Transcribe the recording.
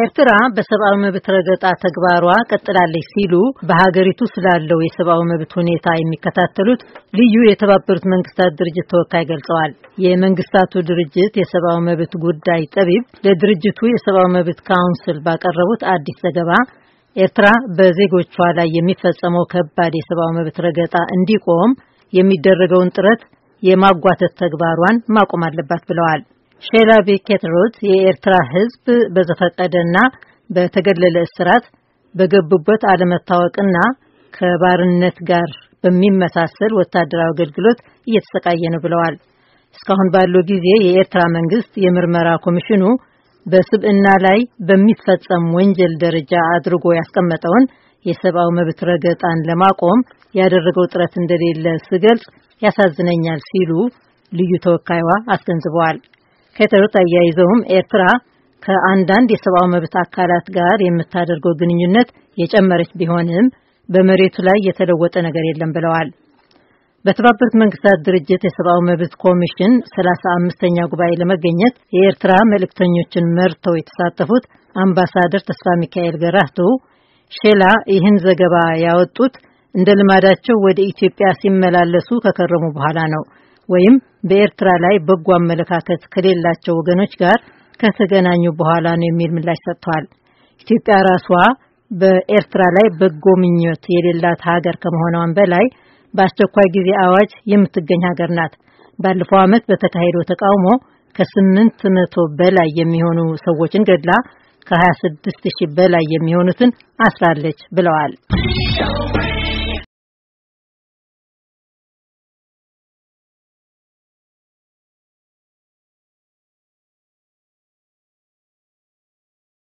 ኤርትራ በሰብአዊ መብት ረገጣ ተግባሯ ቀጥላለች ሲሉ በሀገሪቱ ስላለው የሰብአዊ መብት ሁኔታ የሚከታተሉት ልዩ የተባበሩት መንግስታት ድርጅት ተወካይ ገልጸዋል። የመንግስታቱ ድርጅት የሰብአዊ መብት ጉዳይ ጠቢብ ለድርጅቱ የሰብአዊ መብት ካውንስል ባቀረቡት አዲስ ዘገባ ኤርትራ በዜጎቿ ላይ የሚፈጸመው ከባድ የሰብአዊ መብት ረገጣ እንዲቆም የሚደረገውን ጥረት የማጓተት ተግባሯን ማቆም አለባት ብለዋል። ሼላ ቤኬትሮት የኤርትራ ሕዝብ በዘፈቀደና በተገለለ እስራት በገቡበት አለመታወቅና ከባርነት ጋር በሚመሳሰል ወታደራዊ አገልግሎት እየተሰቃየ ነው ብለዋል። እስካሁን ባለው ጊዜ የኤርትራ መንግስት የምርመራ ኮሚሽኑ በስብዕና ላይ በሚፈጸም ወንጀል ደረጃ አድርጎ ያስቀመጠውን የሰብአዊ መብት ረገጣን ለማቆም ያደረገው ጥረት እንደሌለ ስገልጽ ያሳዝነኛል ሲሉ ልዩ ተወካይዋ አስገንዝበዋል። ከተሩት አያይዘውም ኤርትራ ከአንዳንድ የሰብአዊ መብት አካላት ጋር የምታደርገው ግንኙነት የጨመረች ቢሆንም በመሬቱ ላይ የተለወጠ ነገር የለም ብለዋል። በተባበሩት መንግስታት ድርጅት የሰብአዊ መብት ኮሚሽን 35ኛ ጉባኤ ለመገኘት የኤርትራ መልእክተኞችን መርተው የተሳተፉት አምባሳደር ተስፋ ሚካኤል ገራህቱ ሼላ ይህን ዘገባ ያወጡት እንደ ልማዳቸው ወደ ኢትዮጵያ ሲመላለሱ ከከረሙ በኋላ ነው ወይም በኤርትራ ላይ በጎ አመለካከት ከሌላቸው ወገኖች ጋር ከተገናኙ በኋላ ነው የሚል ምላሽ ሰጥተዋል። ኢትዮጵያ ራሷ በኤርትራ ላይ በጎ ምኞት የሌላት ሀገር ከመሆኗም በላይ በአስቸኳይ ጊዜ አዋጅ የምትገኝ ሀገር ናት። ባለፈው ዓመት በተካሄደው ተቃውሞ ከስምንት መቶ በላይ የሚሆኑ ሰዎችን ገድላ ከ26 ሺህ በላይ የሚሆኑትን አስራለች ብለዋል።